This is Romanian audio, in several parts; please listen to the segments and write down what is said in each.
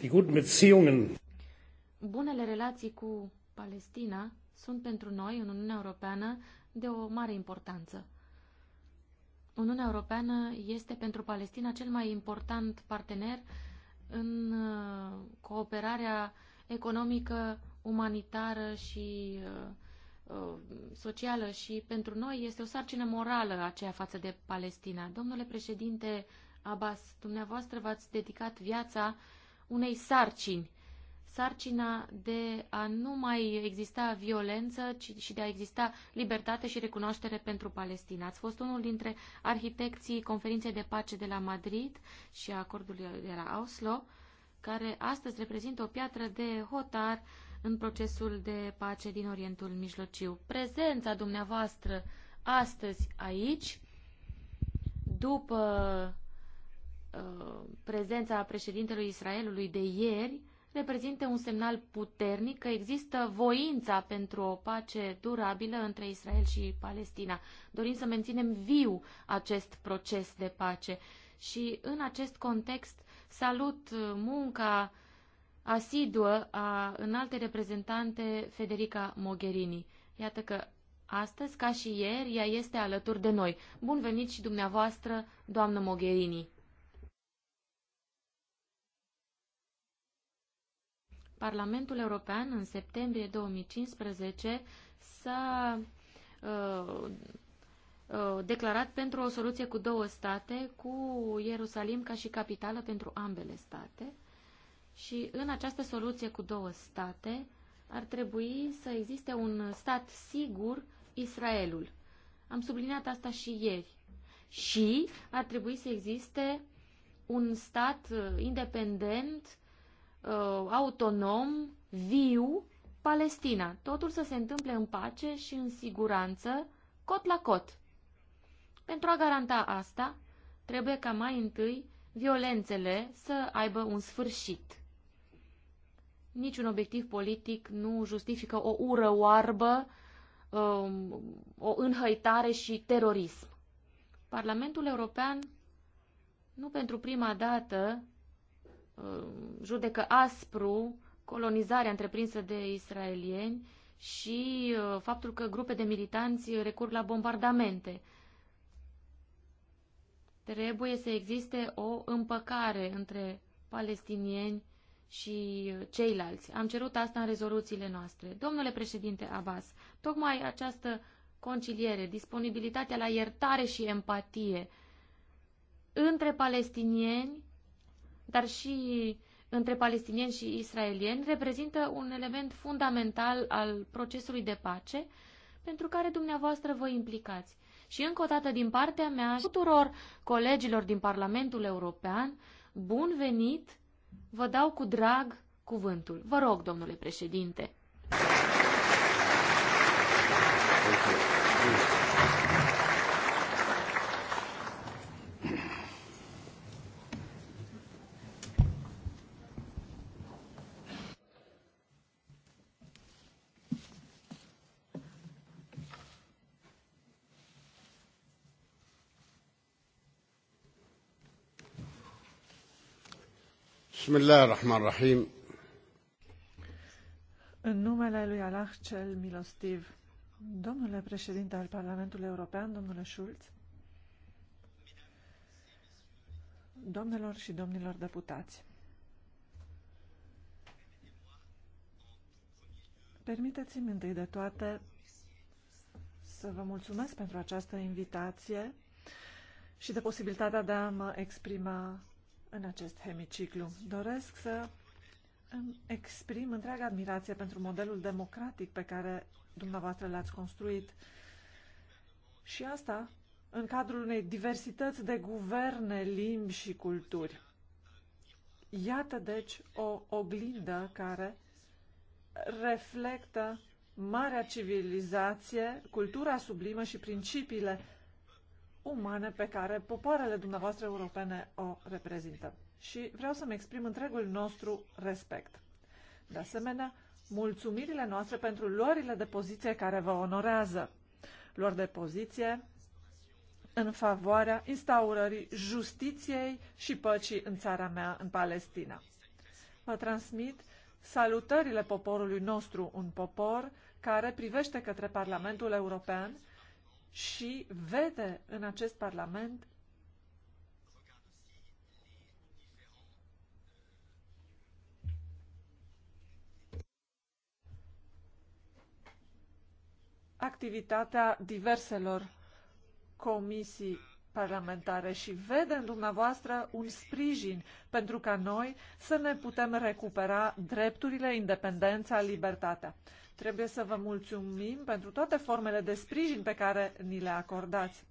Die guten Beziehungen. Bunele relații cu Palestina sunt pentru noi în Uniunea Europeană de o mare importanță. Uniunea Europeană este pentru Palestina cel mai important partener în uh, cooperarea economică, umanitară și uh, uh, socială și pentru noi este o sarcină morală aceea față de Palestina. Domnule președinte Abbas, dumneavoastră v-ați dedicat viața unei sarcini. Sarcina de a nu mai exista violență, ci și de a exista libertate și recunoaștere pentru Palestina. Ați fost unul dintre arhitecții conferinței de pace de la Madrid și a acordului de la Oslo, care astăzi reprezintă o piatră de hotar în procesul de pace din Orientul Mijlociu. Prezența dumneavoastră astăzi aici, după Uh, prezența președintelui Israelului de ieri reprezintă un semnal puternic că există voința pentru o pace durabilă între Israel și Palestina. Dorim să menținem viu acest proces de pace și în acest context salut munca asiduă a înalte reprezentante Federica Mogherini. Iată că astăzi, ca și ieri, ea este alături de noi. Bun venit și dumneavoastră, doamnă Mogherini! Parlamentul European în septembrie 2015 s-a uh, uh, declarat pentru o soluție cu două state, cu Ierusalim ca și capitală pentru ambele state. Și în această soluție cu două state ar trebui să existe un stat sigur, Israelul. Am subliniat asta și ieri. Și ar trebui să existe un stat uh, independent uh, autonom, viu, Palestina. Totul să se întâmple în pace și în siguranță, cot la cot. Pentru a garanta asta, trebuie ca mai întâi violențele să aibă un sfârșit. Niciun obiectiv politic nu justifică o ură oarbă, um, o înhăitare și terorism. Parlamentul European nu pentru prima dată Uh, judecă aspru colonizarea întreprinsă de israelieni și uh, faptul că grupe de militanți recurg la bombardamente. Trebuie să existe o împăcare între palestinieni și ceilalți. Am cerut asta în rezoluțiile noastre. Domnule președinte Abbas, tocmai această conciliere, disponibilitatea la iertare și empatie între palestinieni dar și între palestinieni și israelieni, reprezintă un element fundamental al procesului de pace pentru care dumneavoastră vă implicați. Și încă o dată din partea mea tuturor colegilor din Parlamentul European, bun venit, vă dau cu drag cuvântul. Vă rog, domnule președinte. Bismillah În numele lui Allah cel milostiv, domnule președinte al Parlamentului European, domnule Schulz, domnilor și domnilor deputați, permiteți-mi întâi de toate să vă mulțumesc pentru această invitație și de posibilitatea de a mă exprima în acest hemiciclu. Doresc să îmi exprim întreaga admirație pentru modelul democratic pe care dumneavoastră l-ați construit. Și asta în cadrul unei diversități de guverne, limbi și culturi. Iată, deci, o oglindă care reflectă marea civilizație, cultura sublimă și principiile umane pe care popoarele dumneavoastră europene o reprezintă. Și vreau să-mi exprim întregul nostru respect. De asemenea, mulțumirile noastre pentru luările de poziție care vă onorează. Luări de poziție în favoarea instaurării justiției și păcii în țara mea, în Palestina. Vă transmit salutările poporului nostru, un popor care privește către Parlamentul European și vede în acest Parlament activitatea diverselor comisii parlamentare și vede în dumneavoastră un sprijin pentru ca noi să ne putem recupera drepturile, independența, libertatea. Trebuie să vă mulțumim pentru toate formele de sprijin pe care ni le acordați.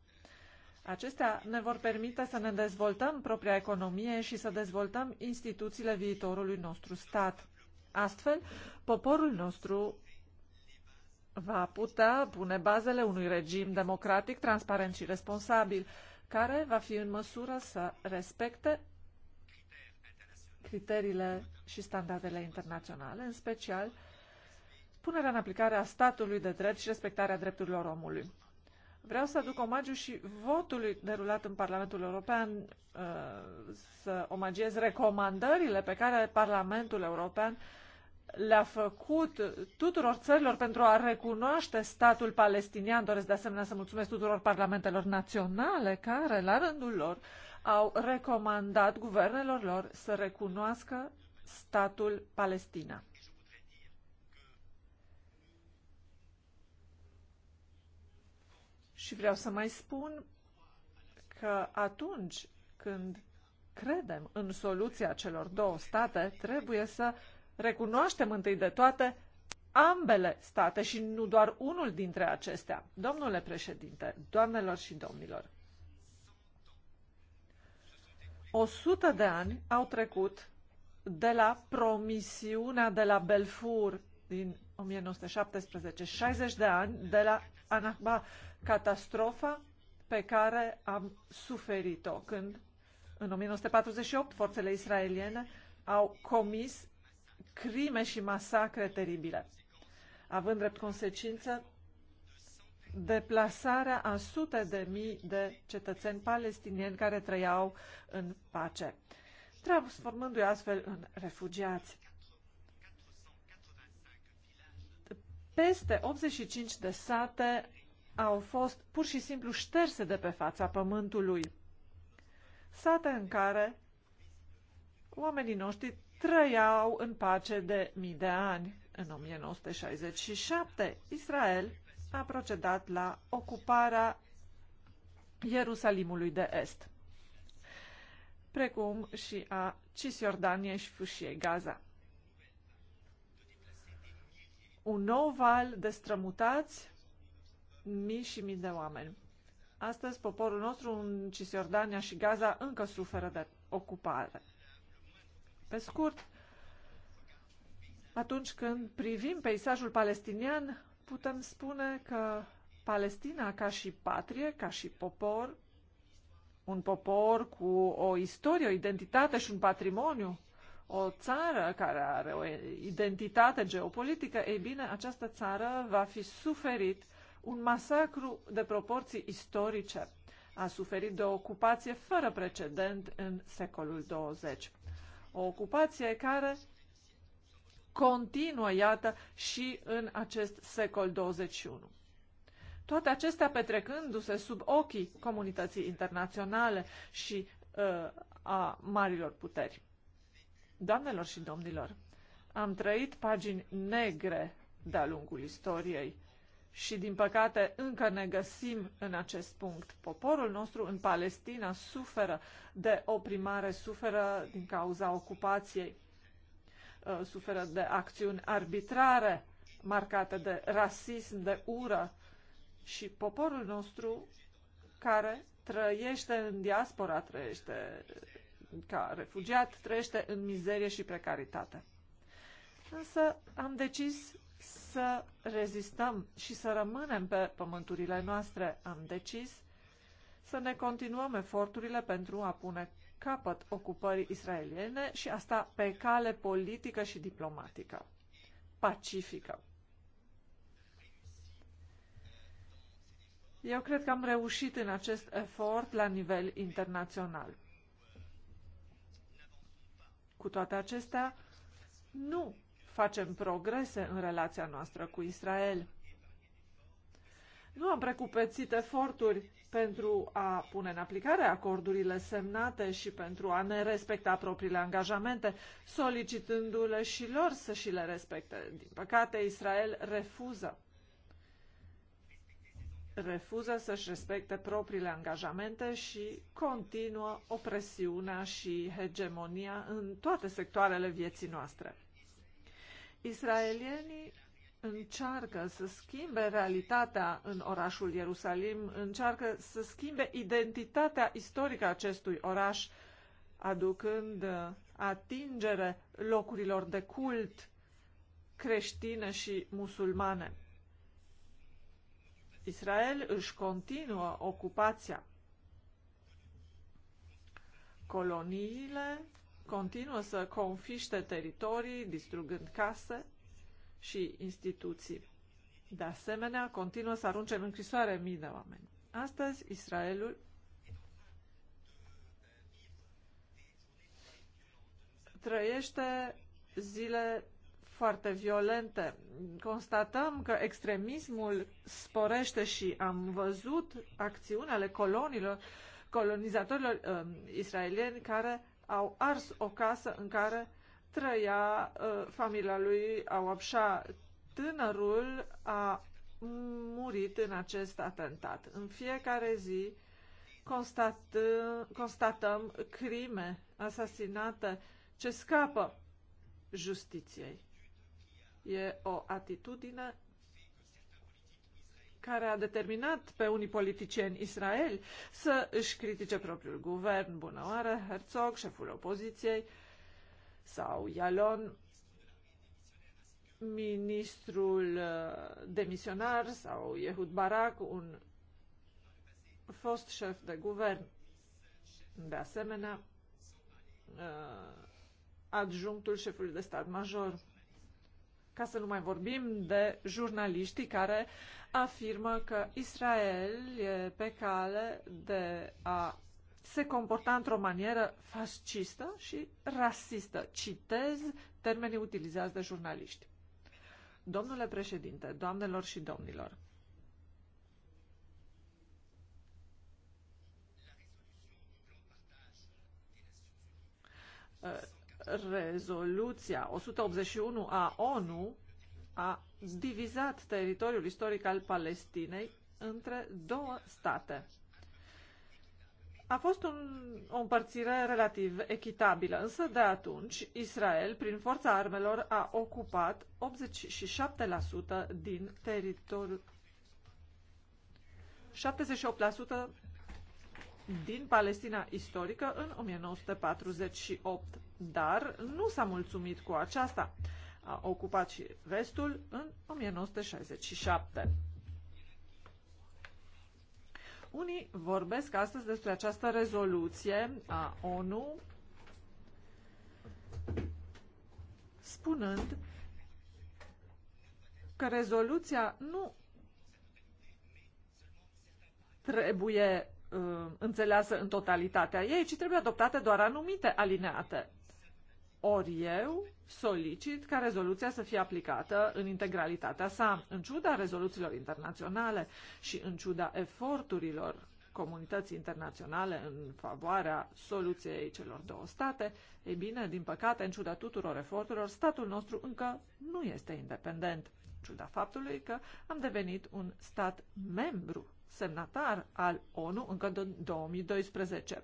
Acestea ne vor permite să ne dezvoltăm propria economie și să dezvoltăm instituțiile viitorului nostru stat. Astfel, poporul nostru va putea pune bazele unui regim democratic, transparent și responsabil care va fi în măsură să respecte criteriile și standardele internaționale, în special punerea în aplicare a statului de drept și respectarea drepturilor omului. Vreau să aduc omagiu și votului derulat în Parlamentul European, uh, să omagiez recomandările pe care Parlamentul European le-a făcut tuturor țărilor pentru a recunoaște statul palestinian. Doresc de asemenea să mulțumesc tuturor parlamentelor naționale care, la rândul lor, au recomandat guvernelor lor să recunoască statul Palestina. Și vreau să mai spun că atunci când credem în soluția celor două state, trebuie să recunoaștem întâi de toate ambele state și nu doar unul dintre acestea. Domnule președinte, doamnelor și domnilor, 100 de ani au trecut de la promisiunea de la Belfur din 1917, 60 de ani de la Anahba, catastrofa pe care am suferit-o când, în 1948, forțele israeliene au comis crime și masacre teribile, având drept consecință deplasarea a sute de mii de cetățeni palestinieni care trăiau în pace, transformându-i astfel în refugiați. Peste 85 de sate au fost pur și simplu șterse de pe fața pământului. Sate în care oamenii noștri trăiau în pace de mii de ani. În 1967, Israel a procedat la ocuparea Ierusalimului de Est, precum și a Cisjordaniei și Fâșiei Gaza. Un nou val de strămutați, mii și mii de oameni. Astăzi, poporul nostru în Cisjordania și Gaza încă suferă de ocupare. Pe scurt, atunci când privim peisajul palestinian, putem spune că Palestina, ca și patrie, ca și popor, un popor cu o istorie, o identitate și un patrimoniu, o țară care are o identitate geopolitică, ei bine, această țară va fi suferit un masacru de proporții istorice. A suferit de o ocupație fără precedent în secolul 20 o ocupație care continuă, iată, și în acest secol 21. Toate acestea petrecându-se sub ochii comunității internaționale și uh, a marilor puteri. Doamnelor și domnilor, am trăit pagini negre de-a lungul istoriei și, din păcate, încă ne găsim în acest punct. Poporul nostru în Palestina suferă de oprimare, suferă din cauza ocupației, uh, suferă de acțiuni arbitrare marcate de rasism, de ură și poporul nostru care trăiește în diaspora, trăiește ca refugiat, trăiește în mizerie și precaritate. Însă am decis să rezistăm și să rămânem pe pământurile noastre, am decis să ne continuăm eforturile pentru a pune capăt ocupării israeliene și asta pe cale politică și diplomatică, pacifică. Eu cred că am reușit în acest efort la nivel internațional. Cu toate acestea, nu facem progrese în relația noastră cu Israel. Nu am precupețit eforturi pentru a pune în aplicare acordurile semnate și pentru a ne respecta propriile angajamente, solicitându-le și lor să și le respecte. Din păcate, Israel refuză. Refuză să-și respecte propriile angajamente și continuă opresiunea și hegemonia în toate sectoarele vieții noastre. Israelienii încearcă să schimbe realitatea în orașul Ierusalim, încearcă să schimbe identitatea istorică a acestui oraș, aducând uh, atingere locurilor de cult creștine și musulmane. Israel își continuă ocupația. Coloniile continuă să confiște teritorii, distrugând case și instituții. De asemenea, continuă să arunce în închisoare mii de oameni. Astăzi, Israelul trăiește zile foarte violente. Constatăm că extremismul sporește și am văzut acțiunea ale colonilor, colonizatorilor uh, israelieni care au ars o casă în care trăia uh, familia lui Awabsha. Tânărul a murit în acest atentat. În fiecare zi constat, constatăm crime, asasinate ce scapă justiției. E o atitudine care a determinat pe unii politicieni Israel să își critique propriul guvern, bună oară, Herzog, șeful opoziției, sau Ialon, ministrul uh, demisionar, sau Yehud Barak, un fost șef de guvern. De asemenea, uh, adjunctul șefului de stat major. Ca să nu mai vorbim de jurnaliștii care afirmă că Israel e pe cale de a se comporta într-o manieră fascistă și rasistă. Citez termenii utilizați de jurnaliști. Domnule președinte, doamnelor și domnilor, rezoluția 181 a ONU a divizat teritoriul istoric al Palestinei între două state. A fost un, o împărțire relativ echitabilă, însă de atunci Israel, prin forța armelor, a ocupat 87% din teritoriul 78% din Palestina istorică în 1948, dar nu s-a mulțumit cu aceasta. A ocupat și restul în 1967. Unii vorbesc astăzi despre această rezoluție a ONU spunând că rezoluția nu trebuie Uh, înțeleasă în totalitatea ei, ci trebuie adoptate doar anumite alineate. Ori eu solicit ca rezoluția să fie aplicată în integralitatea sa, în ciuda rezoluțiilor internaționale și în ciuda eforturilor comunității internaționale în favoarea soluției celor două state, e bine, din păcate, în ciuda tuturor eforturilor, statul nostru încă nu este independent, în ciuda faptului că am devenit un stat membru semnatar al ONU încă în 2012.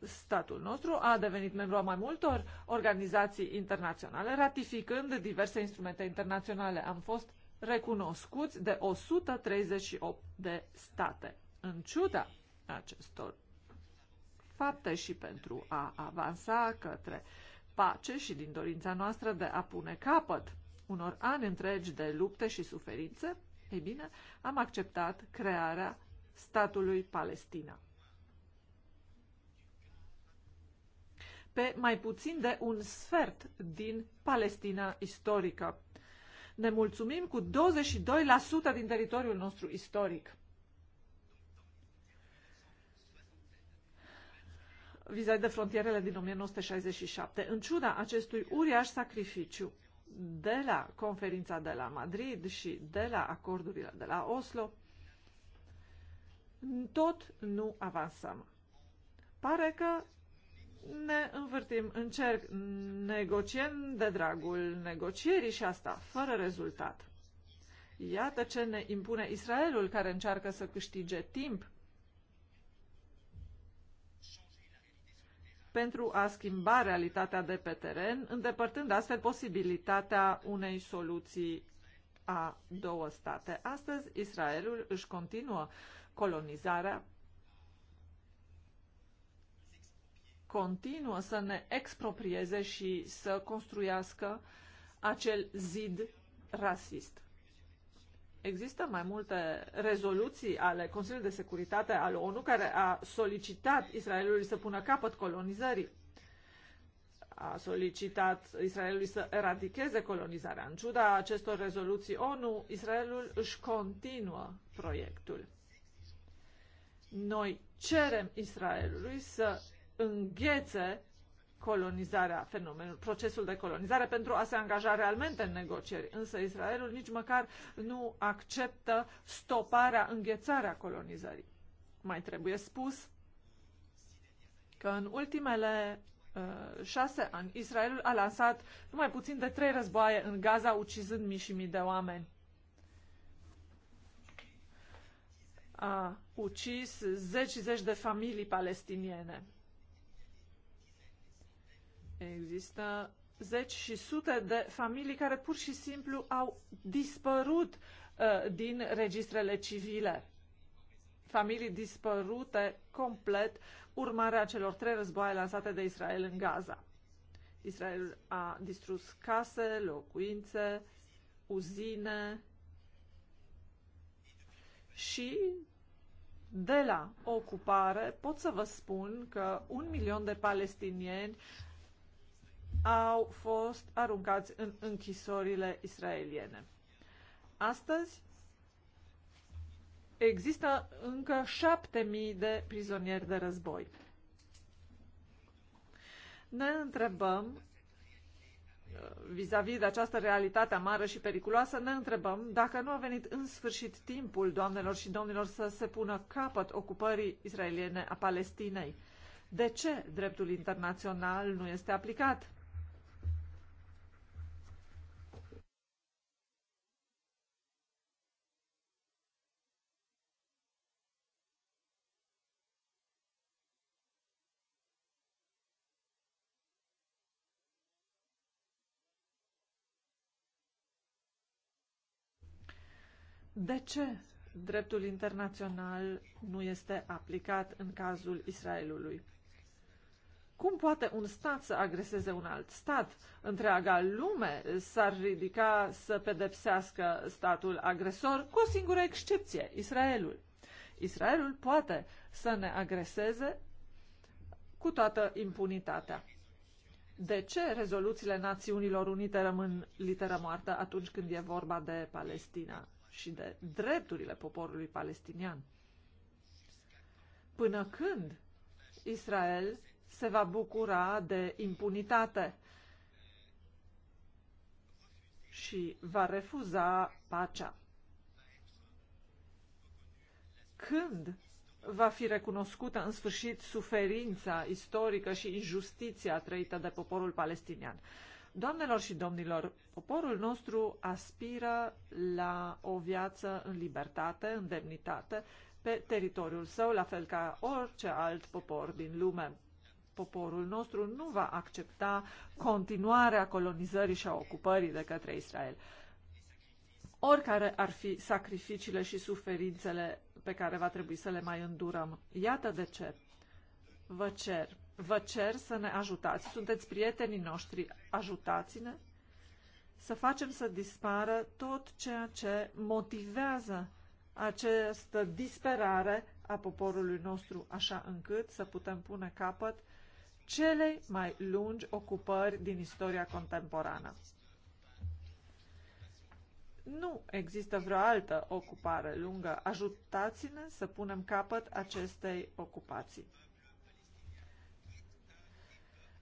Statul nostru a devenit membru a mai multor organizații internaționale, ratificând diverse instrumente internaționale. Am fost recunoscuți de 138 de state. În ciuda acestor fapte și pentru a avansa către pace și din dorința noastră de a pune capăt unor ani întregi de lupte și suferințe, ei bine, am acceptat crearea statului Palestina. Pe mai puțin de un sfert din Palestina istorică. Ne mulțumim cu 22% din teritoriul nostru istoric. vis-a-vis de frontierele din 1967. În ciuda acestui uriaș sacrificiu, de la conferința de la Madrid și de la acordurile de la Oslo, tot nu avansăm. Pare că ne învârtim în cerc, negociem de dragul negocierii și asta, fără rezultat. Iată ce ne impune Israelul, care încearcă să câștige timp pentru a schimba realitatea de pe teren, îndepărtând astfel posibilitatea unei soluții a două state. Astăzi, Israelul își continuă colonizarea, continuă să ne exproprieze și să construiască acel zid rasist. Există mai multe rezoluții ale Consiliului de Securitate al ONU care a solicitat Israelului să pună capăt colonizării. A solicitat Israelului să eradicheze colonizarea. În ciuda acestor rezoluții ONU, Israelul își continuă proiectul. Noi cerem Israelului să înghețe colonizarea fenomenul, procesul de colonizare pentru a se angaja realmente în negocieri. Însă Israelul nici măcar nu acceptă stoparea, înghețarea colonizării. Mai trebuie spus că în ultimele uh, șase ani Israelul a lansat numai puțin de trei războaie în Gaza, ucizând mii și mii de oameni. A ucis zeci și zeci de familii palestiniene Există zeci și sute de familii care pur și simplu au dispărut uh, din registrele civile. Familii dispărute complet urmarea celor trei războaie lansate de Israel în Gaza. Israel a distrus case, locuințe, uzine și de la ocupare pot să vă spun că un milion de palestinieni au fost aruncați în închisorile israeliene. Astăzi există încă 7.000 de prizonieri de război. Ne întrebăm uh, vis-a-vis -vis de această realitate amară și periculoasă, ne întrebăm dacă nu a venit în sfârșit timpul, doamnelor și domnilor, să se pună capăt ocupării israeliene a Palestinei. De ce dreptul internațional nu este aplicat? de ce dreptul internațional nu este aplicat în cazul Israelului. Cum poate un stat să agreseze un alt stat? Întreaga lume s-ar ridica să pedepsească statul agresor cu o singură excepție, Israelul. Israelul poate să ne agreseze cu toată impunitatea. De ce rezoluțiile Națiunilor Unite rămân literă moartă atunci când e vorba de Palestina? și de drepturile poporului palestinian. Până când Israel se va bucura de impunitate și va refuza pacea? Când va fi recunoscută în sfârșit suferința istorică și injustiția trăită de poporul palestinian? Doamnelor și domnilor, poporul nostru aspiră la o viață în libertate, în demnitate, pe teritoriul său, la fel ca orice alt popor din lume. Poporul nostru nu va accepta continuarea colonizării și a ocupării de către Israel. Oricare ar fi sacrificiile și suferințele pe care va trebui să le mai îndurăm. Iată de ce vă cer Vă cer să ne ajutați. Sunteți prietenii noștri. Ajutați-ne să facem să dispară tot ceea ce motivează această disperare a poporului nostru, așa încât să putem pune capăt celei mai lungi ocupări din istoria contemporană. Nu există vreo altă ocupare lungă. Ajutați-ne să punem capăt acestei ocupații.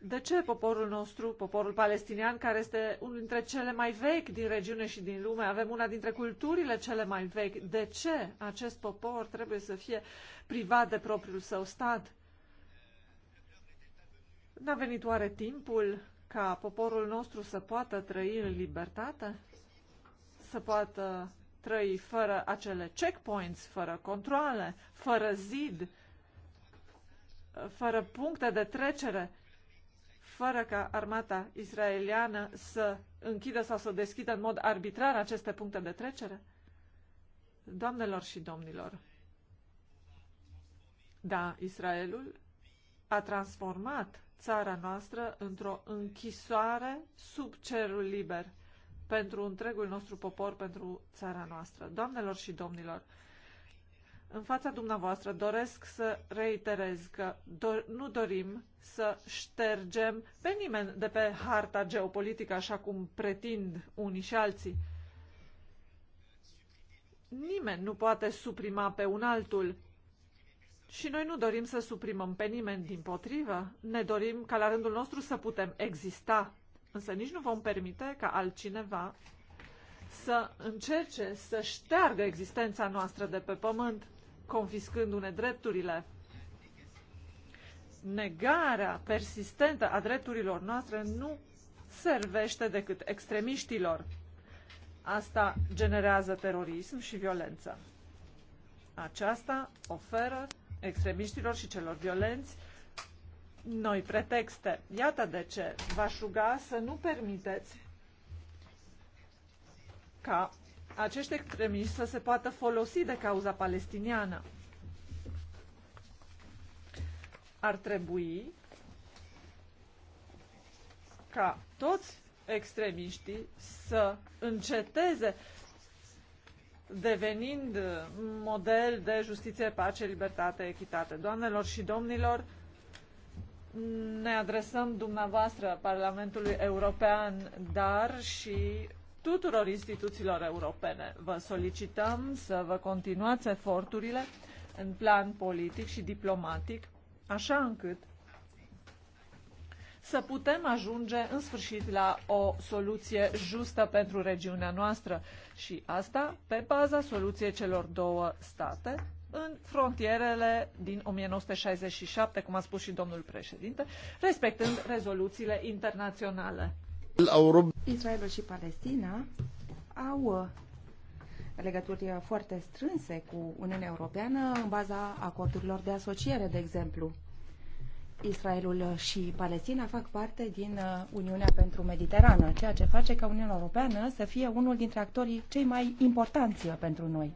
De ce poporul nostru, poporul palestinian, care este unul dintre cele mai vechi din regiune și din lume, avem una dintre culturile cele mai vechi, de ce acest popor trebuie să fie privat de propriul său stat? N-a venit oare timpul ca poporul nostru să poată trăi în libertate? Să poată trăi fără acele checkpoints, fără controle, fără zid, fără puncte de trecere, fără ca armata israeliană să închidă sau să deschidă în mod arbitrar aceste puncte de trecere? Doamnelor și domnilor, da, Israelul a transformat țara noastră într-o închisoare sub cerul liber pentru întregul nostru popor, pentru țara noastră. Doamnelor și domnilor, în fața dumneavoastră doresc să reiterez că do- nu dorim să ștergem pe nimeni de pe harta geopolitică, așa cum pretind unii și alții. Nimeni nu poate suprima pe un altul. Și noi nu dorim să suprimăm pe nimeni din potrivă. Ne dorim ca la rândul nostru să putem exista. Însă nici nu vom permite ca altcineva să încerce să șteargă existența noastră de pe pământ confiscându-ne drepturile. Negarea persistentă a drepturilor noastre nu servește decât extremiștilor. Asta generează terorism și violență. Aceasta oferă extremiștilor și celor violenți noi pretexte. Iată de ce v-aș ruga să nu permiteți ca acești extremiști să se poată folosi de cauza palestiniană. Ar trebui ca toți extremiștii să înceteze devenind model de justiție, pace, libertate, echitate. Doamnelor și domnilor, ne adresăm dumneavoastră Parlamentului European, dar și tuturor instituțiilor europene. Vă solicităm să vă continuați eforturile în plan politic și diplomatic, așa încât să putem ajunge în sfârșit la o soluție justă pentru regiunea noastră și asta pe baza soluției celor două state în frontierele din 1967, cum a spus și domnul președinte, respectând rezoluțiile internaționale. Israelul și Palestina au uh, legături uh, foarte strânse cu Uniunea Europeană în baza acordurilor de asociere, de exemplu. Israelul și Palestina fac parte din uh, Uniunea pentru Mediterană, ceea ce face ca Uniunea Europeană să fie unul dintre actorii cei mai importanți pentru noi.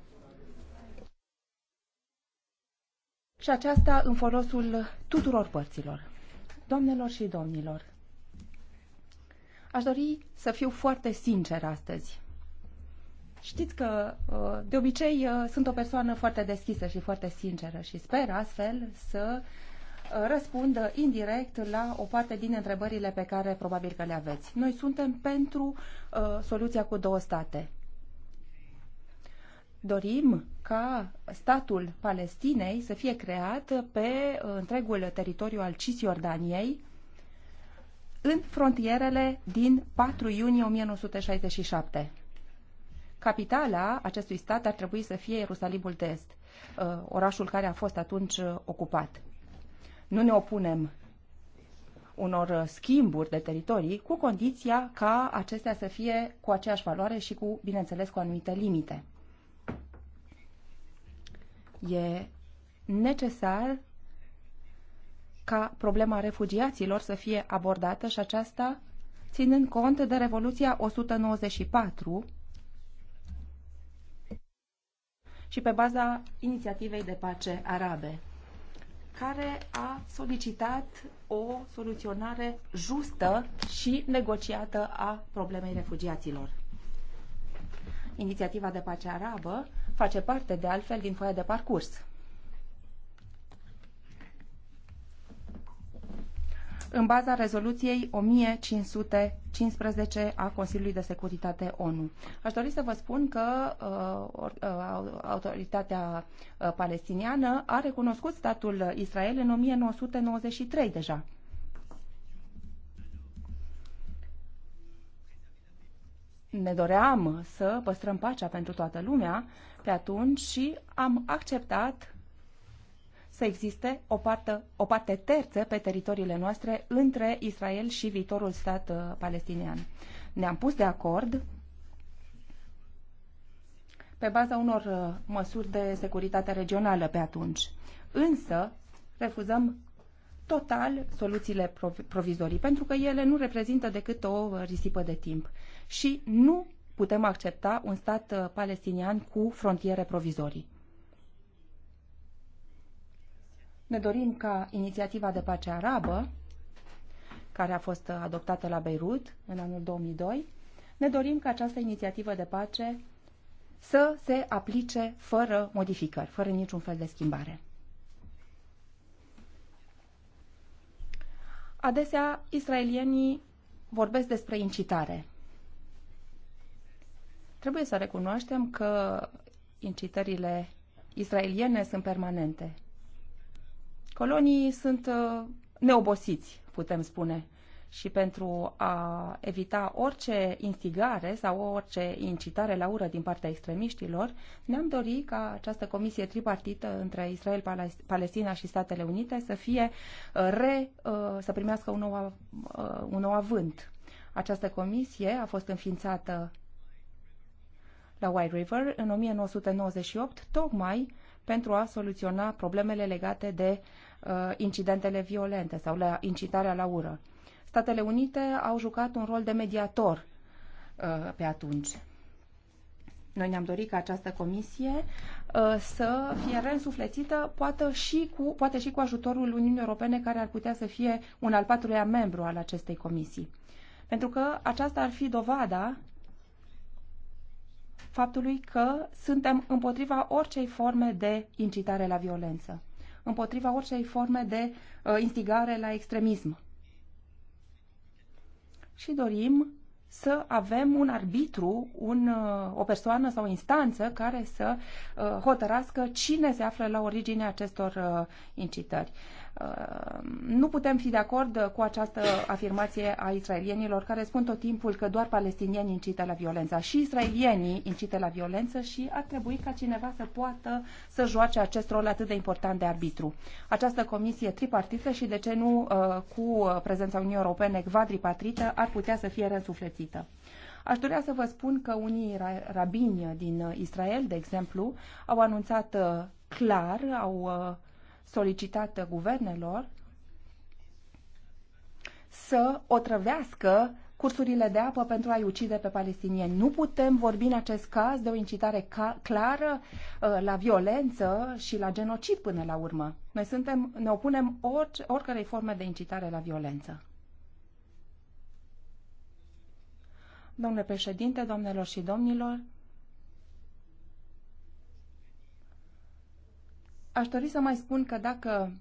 Și aceasta în folosul tuturor părților. Doamnelor și domnilor, Aș dori să fiu foarte sincer astăzi. Știți că uh, de obicei uh, sunt o persoană foarte deschisă și foarte sinceră și sper astfel să uh, răspund indirect la o parte din întrebările pe care probabil că le aveți. Noi suntem pentru soluția cu două state. Dorim ca statul Palestinei să fie creat pe întregul teritoriu al Cisjordaniei, în frontierele din 4 iunie 1967. Capitala acestui stat ar trebui să fie Ierusalimul de Est, uh, orașul care a fost atunci uh, ocupat. Nu ne opunem unor uh, schimburi de teritorii cu condiția ca acestea să fie cu aceeași valoare și cu, bineînțeles, cu anumite limite. E necesar ca problema refugiaților să fie abordată și aceasta ținând cont de Revoluția 194 și pe baza inițiativei de pace arabe, care a solicitat o soluționare justă și negociată a problemei refugiaților. Inițiativa de pace arabă face parte de altfel din foaia de parcurs în baza rezoluției 1515 a Consiliului de Securitate ONU. Aș dori să vă spun că uh, uh autoritatea uh, palestiniană a recunoscut statul Israel în 1993 deja. ne doream să păstrăm pacea pentru toată lumea pe atunci și am acceptat să existe o parte, o parte terță pe teritoriile noastre între Israel și viitorul stat uh, palestinian. Ne-am pus de acord pe baza unor uh, măsuri de securitate regională pe atunci. Însă, refuzăm total soluțiile provizorii, pentru că ele nu reprezintă decât o risipă de timp și nu putem accepta un stat uh, palestinian cu frontiere provizorii. Ne dorim ca inițiativa de pace arabă, care a fost adoptată la Beirut în anul 2002, ne dorim ca această inițiativă de pace să se aplice fără modificări, fără niciun fel de schimbare. Adesea, israelienii vorbesc despre incitare. Trebuie să recunoaștem că incitările israeliene sunt permanente. Colonii sunt uh, neobosiți, putem spune, și pentru a evita orice instigare sau orice incitare la ură din partea extremiștilor, ne-am dorit ca această comisie tripartită între Israel, Palestina și Statele Unite să fie uh, re, uh, să primească un nou, un nou avânt. Această comisie a fost înființată la White River în 1998, tocmai pentru a soluționa problemele legate de uh, Uh, incidentele violente sau la incitarea la ură. Statele Unite au jucat un rol de mediator uh, pe atunci. Noi ne-am dorit ca această comisie uh, să fie reînsuflețită, poate și, cu, poate și cu ajutorul Uniunii Europene, care ar putea să fie un al patrulea membru al acestei comisii. Pentru că aceasta ar fi dovada faptului că suntem împotriva oricei forme de incitare la violență împotriva oricei forme de uh, instigare la extremism. Și dorim să avem un arbitru, un, uh, o persoană sau o instanță care să uh, hotărască cine se află la originea acestor incitări. Uh, nu putem fi de acord cu această afirmație a israelienilor care spun tot timpul că doar palestinienii incită la violență. Și israelienii incită la violență și ar trebui ca cineva să poată să joace acest rol atât de important de arbitru. Această comisie tripartită și, de ce nu, uh, cu prezența Uniunii Europene quadripartită ar putea să fie răsuflețită. Aș dorea să vă spun că unii rabini din Israel, de exemplu, au anunțat uh, clar, au solicitată guvernelor să otrăvească cursurile de apă pentru a-i ucide pe palestinieni. Nu putem vorbi în acest caz de o incitare clară uh, la violență și la genocid până la urmă. Noi suntem, ne opunem orice, oricărei forme de incitare la violență. Domnule președinte, domnilor și domnilor, Aș dori să mai spun că dacă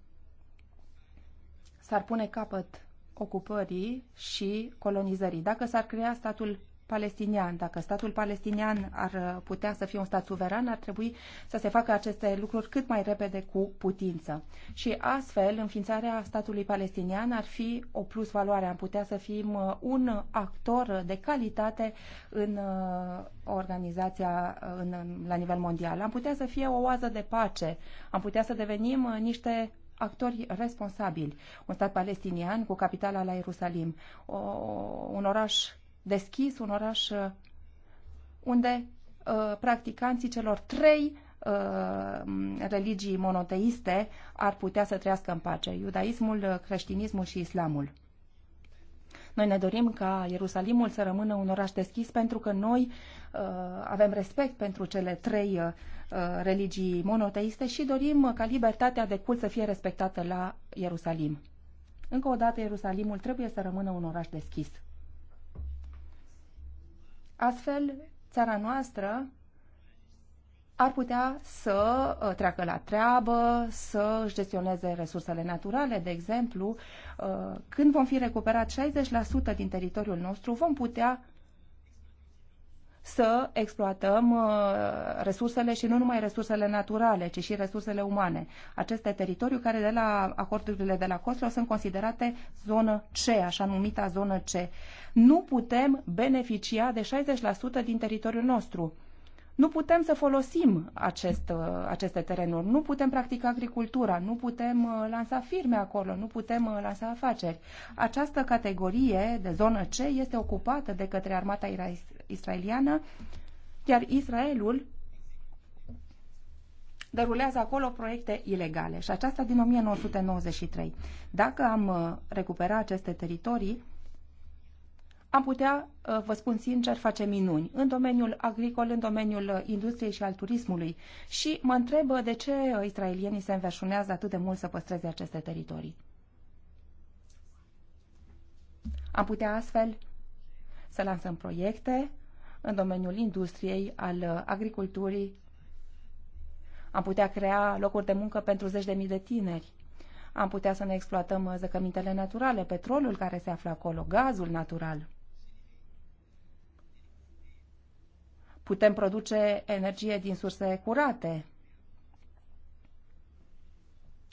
s-ar pune capăt ocupării și colonizării, dacă s-ar crea statul palestinian. Dacă statul palestinian ar putea să fie un stat suveran, ar trebui să se facă aceste lucruri cât mai repede cu putință. Și astfel, înființarea statului palestinian ar fi o plus valoare. Am putea să fim uh, un actor de calitate în uh, organizația uh, în, la nivel mondial. Am putea să fie o oază de pace. Am putea să devenim niște actori responsabili. Un stat palestinian cu capitala la Ierusalim, o, un oraș deschis, un oraș uh, unde uh, practicanții celor trei uh, religii monoteiste ar putea să trăiască în pace, iudaismul, creștinismul și islamul. Noi ne dorim ca Ierusalimul să rămână un oraș deschis pentru că noi uh, avem respect pentru cele trei uh, religii monoteiste și dorim ca libertatea de cult să fie respectată la Ierusalim. Încă o dată, Ierusalimul trebuie să rămână un oraș deschis. Astfel, țara noastră ar putea să uh, treacă la treabă, să își gestioneze resursele naturale, de exemplu. Uh, când vom fi recuperat 60% din teritoriul nostru, vom putea să exploatăm uh, resursele și nu numai resursele naturale, ci și resursele umane. Aceste teritoriu care de la acordurile de la Kosovo sunt considerate zonă C, așa numita zonă C. Nu putem beneficia de 60% din teritoriul nostru nu putem să folosim acest, uh, aceste terenuri, nu putem practica agricultura, nu putem uh, lansa firme acolo, nu putem uh, lansa afaceri. Această categorie de zonă C este ocupată de către armata israeliană, iar Israelul derulează acolo proiecte ilegale și aceasta din 1993. Dacă am recuperat aceste teritorii, am putea, uh, vă spun sincer, face minuni în domeniul agricol, în domeniul uh, industriei și al turismului. Și mă întreb uh, de ce israelienii se înverșunează atât de mult să păstreze aceste teritorii. Am putea astfel să lansăm proiecte în domeniul industriei, al agriculturii. Am putea crea locuri de muncă pentru zeci de mii de tineri. Am putea să ne exploatăm zăcămintele naturale, petrolul care se află acolo, gazul natural. Putem produce energie din surse curate.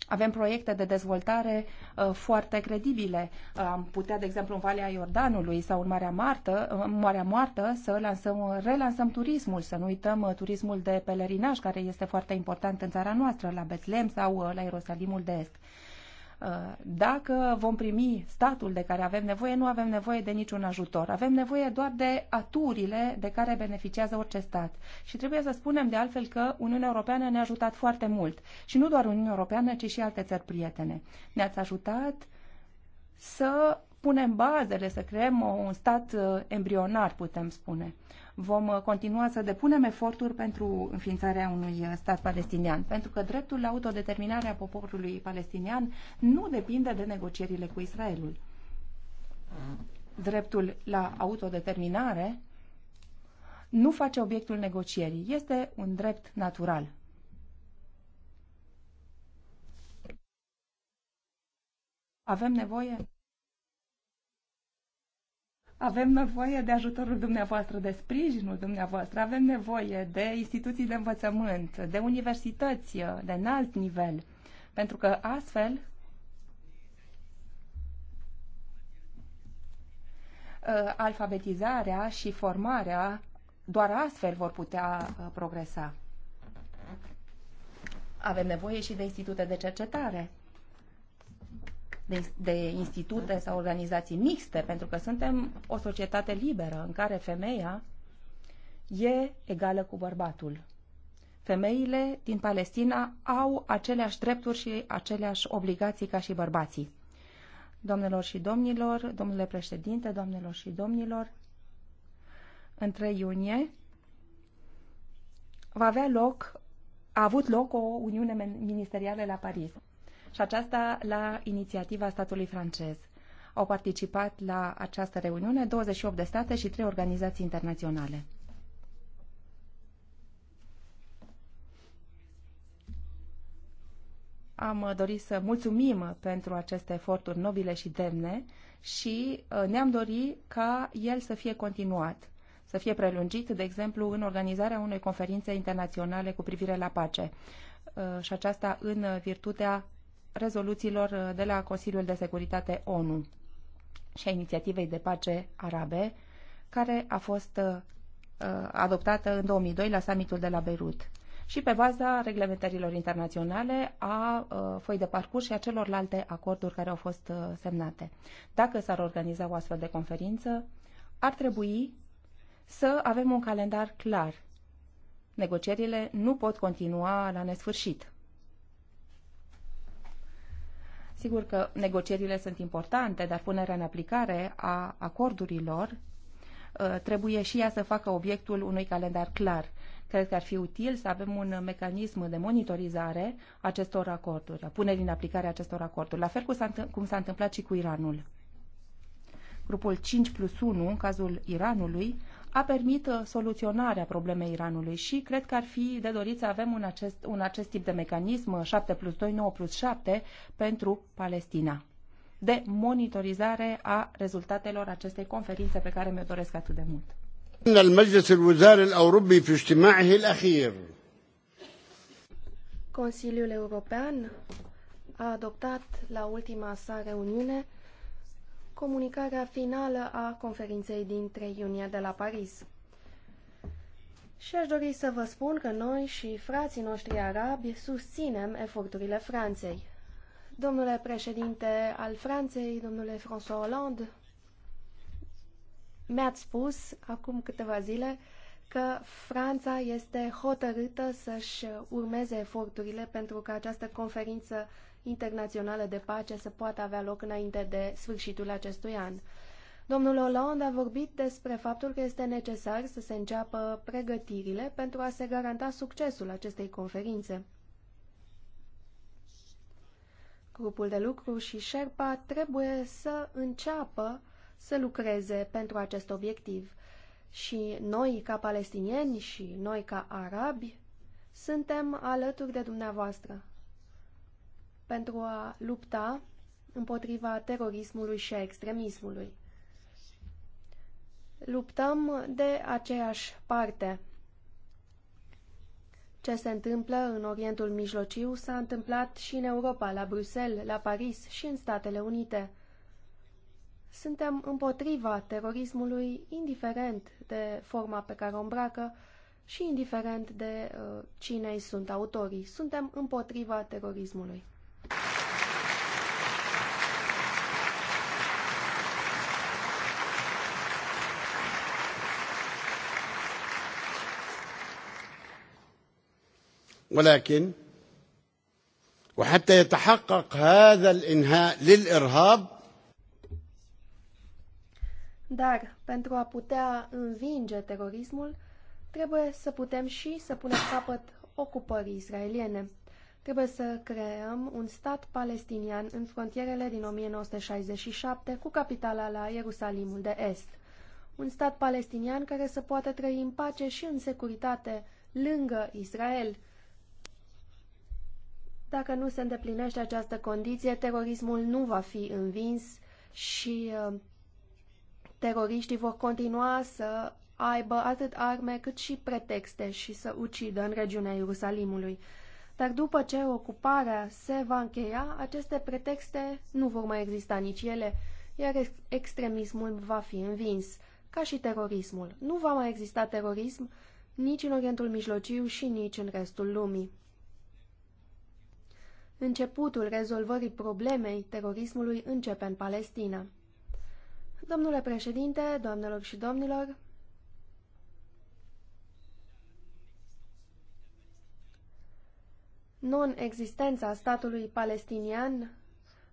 Avem proiecte de dezvoltare uh, foarte credibile. Uh, am putea, de exemplu, în Valea Iordanului sau în Marea, Martă, uh, în Marea Moartă să lansăm, uh, relansăm turismul, să nu uităm uh, turismul de pelerinaj, care este foarte important în țara noastră, la Betlem sau uh, la Ierusalimul de Est. Uh, Uh, dacă vom primi statul de care avem nevoie, nu avem nevoie de niciun ajutor. Avem nevoie doar de aturile de care beneficiază orice stat. Și trebuie să spunem de altfel că Uniunea Europeană ne-a ajutat foarte mult. Și nu doar Uniunea Europeană, ci și alte țări prietene. Ne-ați ajutat să punem bazele, să creăm un stat uh, embrionar, putem spune. Vom uh, continua să depunem eforturi pentru înființarea unui uh, stat palestinian, pentru că dreptul la autodeterminare a poporului palestinian nu depinde de negocierile cu Israelul. Dreptul la autodeterminare nu face obiectul negocierii, este un drept natural. Avem nevoie avem nevoie de ajutorul dumneavoastră, de sprijinul dumneavoastră, avem nevoie de instituții de învățământ, de universități de înalt nivel, pentru că astfel ă, alfabetizarea și formarea doar astfel vor putea ă, progresa. Avem nevoie și de institute de cercetare de, de institute sau organizații mixte, pentru că suntem o societate liberă în care femeia e egală cu bărbatul. Femeile din Palestina au aceleași drepturi și aceleași obligații ca și bărbații. Domnilor și domnilor, domnule președinte, domnilor și domnilor, în 3 iunie va avea loc, a avut loc o uniune ministerială la Paris și aceasta la inițiativa statului francez. Au participat la această reuniune 28 de state și 3 organizații internaționale. Am uh, dorit să mulțumim pentru aceste eforturi nobile și demne și uh, ne-am dorit ca el să fie continuat să fie prelungit, de exemplu, în organizarea unei conferințe internaționale cu privire la pace. Uh, și aceasta în virtutea rezoluțiilor uh, de la Consiliul de Securitate ONU și a inițiativei de pace arabe, care a fost uh, uh, adoptată în 2002 la summitul de la Beirut și pe baza reglementărilor internaționale a foi de parcurs și a celorlalte acorduri care au fost semnate. Dacă s-ar organiza o astfel de conferință, ar trebui să avem un calendar clar. Negocierile nu pot continua la nesfârșit. Sigur că negocierile sunt importante, dar punerea în aplicare a acordurilor uh, trebuie și ea să facă obiectul unui calendar clar. Cred că ar fi util să avem un mecanism de monitorizare acestor acorduri, a punerii în aplicare acestor acorduri, la fel cum s-a întâmplat și cu Iranul. Grupul 5 plus 1, în cazul Iranului, a permit uh, soluționarea problemei Iranului și cred că ar fi de dorit să avem un acest, un acest tip de mecanism 7 uh, plus 2, 9 plus 7 pentru Palestina de monitorizare a rezultatelor acestei conferințe pe care mi-o doresc atât de mult. Consiliul European a adoptat la ultima sa reuniune comunicarea finală a conferinței din 3 iunie de la Paris. Și aș dori să vă spun că noi și frații noștri arabi susținem eforturile Franței. Domnule președinte al Franței, domnule François Hollande, mi-ați spus acum câteva zile că Franța este hotărâtă să-și urmeze eforturile pentru ca această conferință internațională de pace să poată avea loc înainte de sfârșitul acestui an. Domnul Hollande a vorbit despre faptul că este necesar să se înceapă pregătirile pentru a se garanta succesul acestei conferințe. Grupul de lucru și Sherpa trebuie să înceapă să lucreze pentru acest obiectiv. Și noi, ca palestinieni și noi, ca arabi, suntem alături de dumneavoastră pentru a lupta împotriva terorismului și a extremismului. Luptăm de aceeași parte. Ce se întâmplă în Orientul Mijlociu s-a întâmplat și în Europa, la Bruxelles, la Paris și în Statele Unite. Suntem împotriva terorismului, indiferent de forma pe care o îmbracă și indiferent de uh, cine sunt autorii. Suntem împotriva terorismului. ولكن وحتى يتحقق هذا الانهاء للارهاب Dar, pentru a putea învinge terorismul, trebuie să putem și să punem capăt ocupării israeliene. Trebuie să creăm un stat palestinian în frontierele din 1967 cu capitala la Ierusalimul de Est. Un stat palestinian care să poată trăi în pace și în securitate lângă Israel – dacă nu se îndeplinește această condiție, terorismul nu va fi învins și uh, teroriștii vor continua să aibă atât arme cât și pretexte și să ucidă în regiunea Ierusalimului. Dar după ce ocuparea se va încheia, aceste pretexte nu vor mai exista nici ele, iar extremismul va fi învins, ca și terorismul. Nu va mai exista terorism nici în Orientul Mijlociu și nici în restul lumii. Începutul rezolvării problemei terorismului începe în Palestina. Domnule președinte, doamnelor și domnilor, non-existența statului palestinian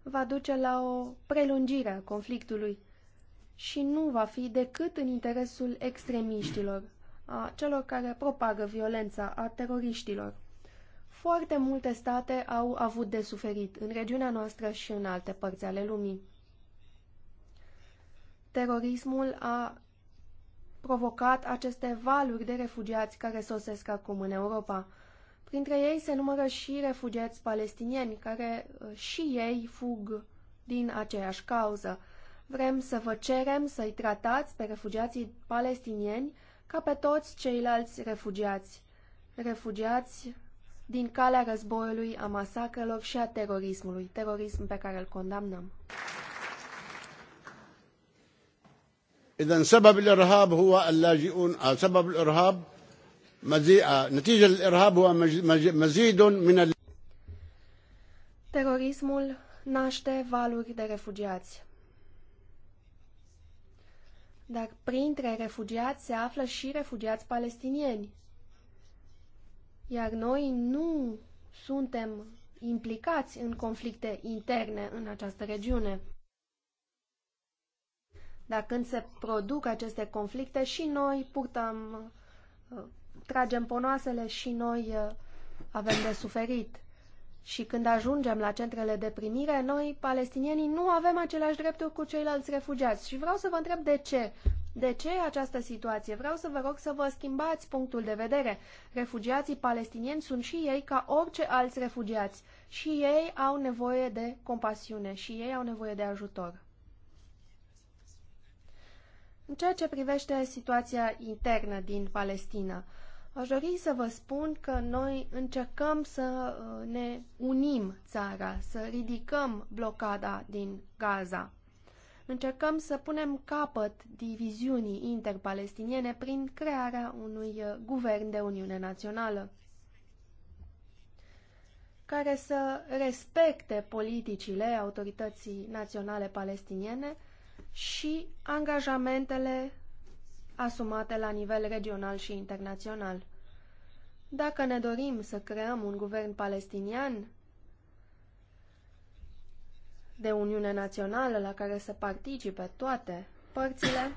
va duce la o prelungire a conflictului și nu va fi decât în interesul extremiștilor, a celor care propagă violența, a teroriștilor. Foarte multe state au avut de suferit în regiunea noastră și în alte părți ale lumii. Terorismul a provocat aceste valuri de refugiați care sosesc acum în Europa. Printre ei se numără și refugiați palestinieni, care uh, și ei fug din aceeași cauză. Vrem să vă cerem să-i tratați pe refugiații palestinieni ca pe toți ceilalți refugiați. Refugiați din calea războiului, a masacrelor și a terorismului, terorism pe care îl condamnăm. إذا سبب الإرهاب هو اللاجئون سبب الإرهاب مزيد نتيجة الإرهاب هو مزيد من ال... Terorismul naște valuri de refugiați. Dar printre refugiați se află și refugiați palestinieni iar noi nu suntem implicați în conflicte interne în această regiune. Dar când se produc aceste conflicte, și noi purtăm, uh, tragem ponoasele și noi uh, avem de suferit. Și când ajungem la centrele de primire, noi, palestinienii, nu avem aceleași drepturi cu ceilalți refugiați. Și vreau să vă întreb de ce. De ce această situație? Vreau să vă rog să vă schimbați punctul de vedere. Refugiații palestinieni sunt și ei ca orice alți refugiați și ei au nevoie de compasiune și ei au nevoie de ajutor. În ceea ce privește situația internă din Palestina, aș dori să vă spun că noi încercăm să uh, ne unim țara, să ridicăm blocada din Gaza. Încercăm să punem capăt diviziunii interpalestiniene prin crearea unui uh, guvern de Uniune Națională care să respecte politicile autorității naționale palestiniene și angajamentele asumate la nivel regional și internațional. Dacă ne dorim să creăm un guvern palestinian de Uniune Națională la care să participe toate părțile,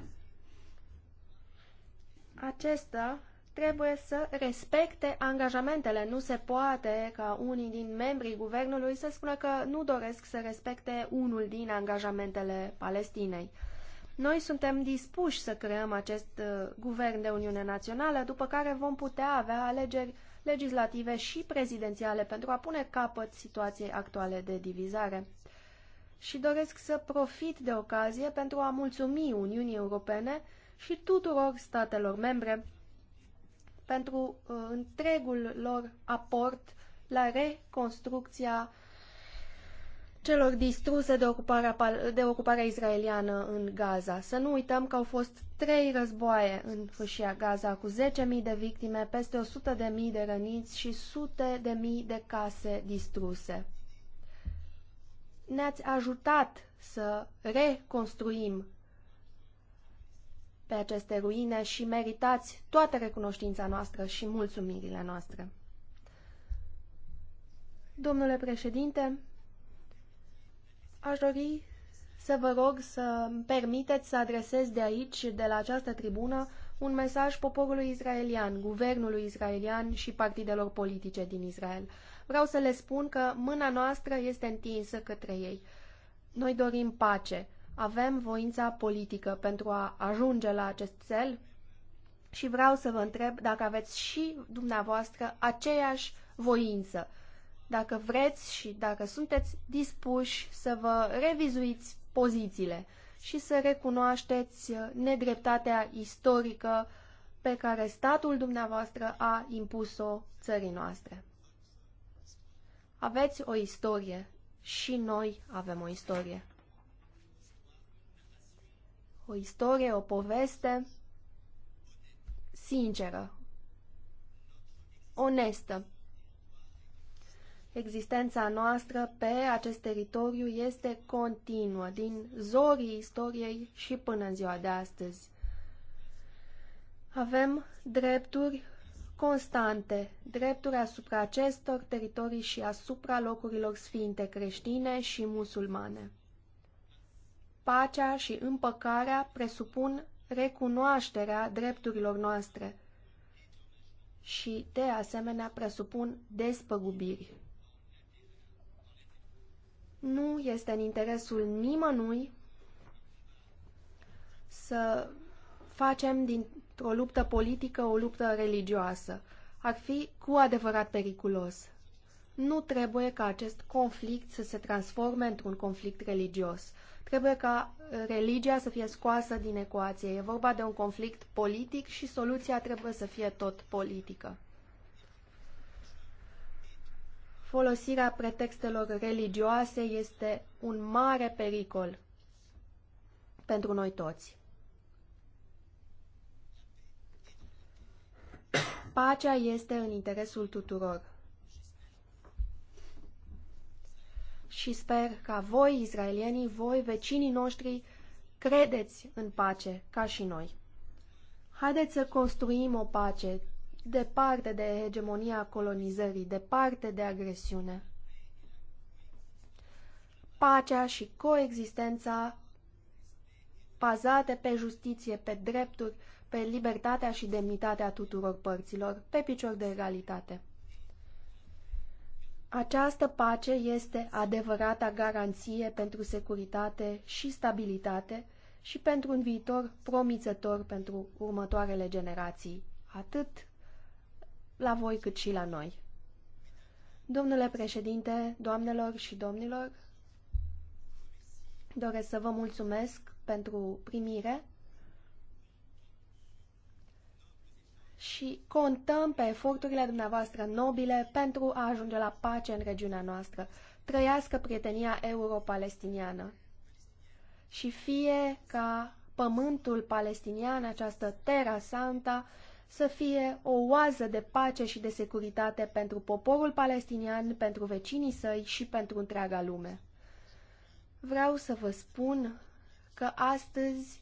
acesta trebuie să respecte angajamentele. Nu se poate ca unii din membrii guvernului să spună că nu doresc să respecte unul din angajamentele Palestinei. Noi suntem dispuși să creăm acest uh, guvern de Uniune Națională, după care vom putea avea alegeri legislative și prezidențiale pentru a pune capăt situației actuale de divizare și doresc să profit de ocazie pentru a mulțumi Uniunii Europene și tuturor statelor membre pentru uh, întregul lor aport la reconstrucția celor distruse de ocuparea, de ocuparea israeliană în Gaza. Să nu uităm că au fost trei războaie în fâșia Gaza, cu 10.000 de victime, peste 100.000 de răniți și sute de mii de case distruse ne-ați ajutat să reconstruim pe aceste ruine și meritați toată recunoștința noastră și mulțumirile noastre. Domnule președinte, aș dori să vă rog să permiteți să adresez de aici, de la această tribună, un mesaj poporului israelian, guvernului israelian și partidelor politice din Israel vreau să le spun că mâna noastră este întinsă către ei. Noi dorim pace, avem voința politică pentru a ajunge la acest cel și vreau să vă întreb dacă aveți și dumneavoastră aceeași voință, dacă vreți și dacă sunteți dispuși să vă revizuiți pozițiile și să recunoașteți nedreptatea istorică pe care statul dumneavoastră a impus-o țării noastre. Aveți o istorie și noi avem o istorie. O istorie, o poveste sinceră, onestă. Existența noastră pe acest teritoriu este continuă, din zorii istoriei și până în ziua de astăzi. Avem drepturi constante, drepturi asupra acestor teritorii și asupra locurilor sfinte creștine și musulmane. Pacea și împăcarea presupun recunoașterea drepturilor noastre și, de asemenea, presupun despăgubiri. Nu este în interesul nimănui să facem din o luptă politică, o luptă religioasă. Ar fi cu adevărat periculos. Nu trebuie ca acest conflict să se transforme într-un conflict religios. Trebuie ca religia să fie scoasă din ecuație. E vorba de un conflict politic și soluția trebuie să fie tot politică. Folosirea pretextelor religioase este un mare pericol pentru noi toți. Pacea este în interesul tuturor. Și sper ca voi, israelienii, voi, vecinii noștri, credeți în pace, ca și noi. Haideți să construim o pace departe de hegemonia colonizării, departe de agresiune. Pacea și coexistența bazate pe justiție, pe drepturi, pe libertatea și demnitatea tuturor părților, pe picior de egalitate. Această pace este adevărata garanție pentru securitate și stabilitate și pentru un viitor promițător pentru următoarele generații, atât la voi cât și la noi. Domnule președinte, doamnelor și domnilor, doresc să vă mulțumesc pentru primire și contăm pe eforturile dumneavoastră nobile pentru a ajunge la pace în regiunea noastră. Trăiască prietenia euro-palestiniană. Și fie ca pământul palestinian, această Terra Santa, să fie o oază de pace și de securitate pentru poporul palestinian, pentru vecinii săi și pentru întreaga lume. Vreau să vă spun că astăzi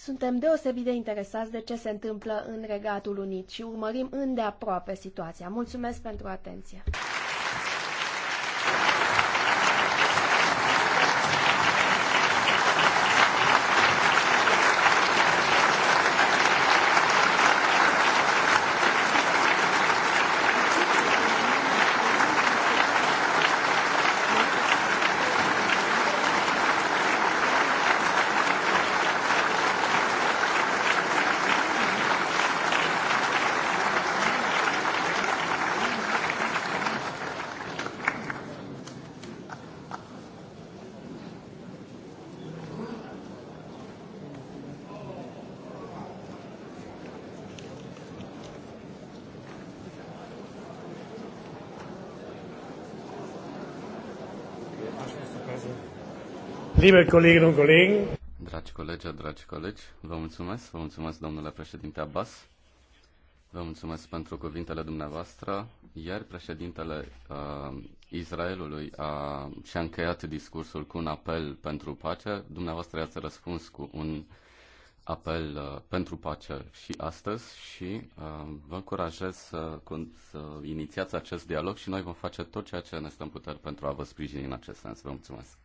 suntem deosebit de interesați de ce se întâmplă în Regatul Unit și urmărim îndeaproape situația. Mulțumesc pentru atenție! Liebe Kolleginnen und Kollegen. Dragi colegi, dragi colegi, vă mulțumesc, vă mulțumesc domnule președinte Abbas, vă mulțumesc pentru cuvintele dumneavoastră. Ieri președintele uh, Israelului a, și-a încheiat discursul cu un apel pentru pace. Dumneavoastră i-ați răspuns cu un apel uh, pentru pace și astăzi și uh, vă încurajez să, să inițiați acest dialog și noi vom face tot ceea ce ne stăm în puteri pentru a vă sprijini în acest sens. Vă mulțumesc!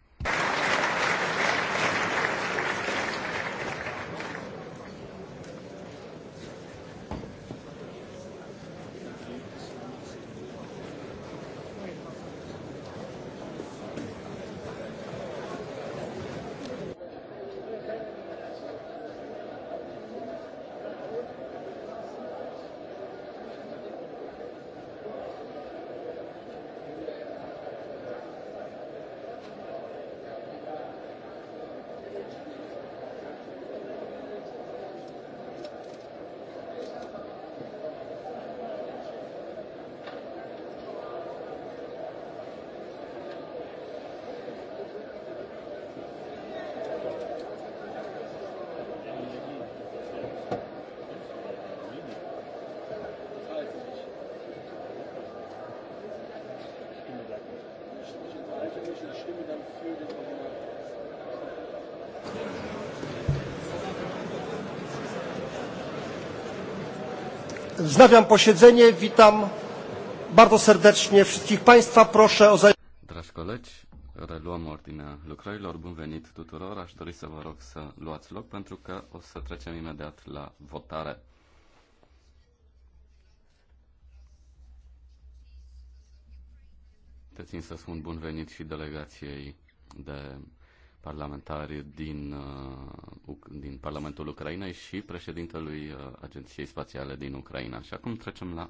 Wznawiam posiedzenie. Witam bardzo serdecznie wszystkich Państwa. Proszę o zajęcie. Dragi colegi, reluam ordinea lucrărilor. Bun venit tuturor. Aș dori să vă rog să luați loc pentru că o să trecem imediat la votare. Te țin să spun bun venit și delegației de parlamentari din, uh, din Parlamentul Ucrainei și președintelui uh, Agenției Spațiale din Ucraina. Și acum trecem la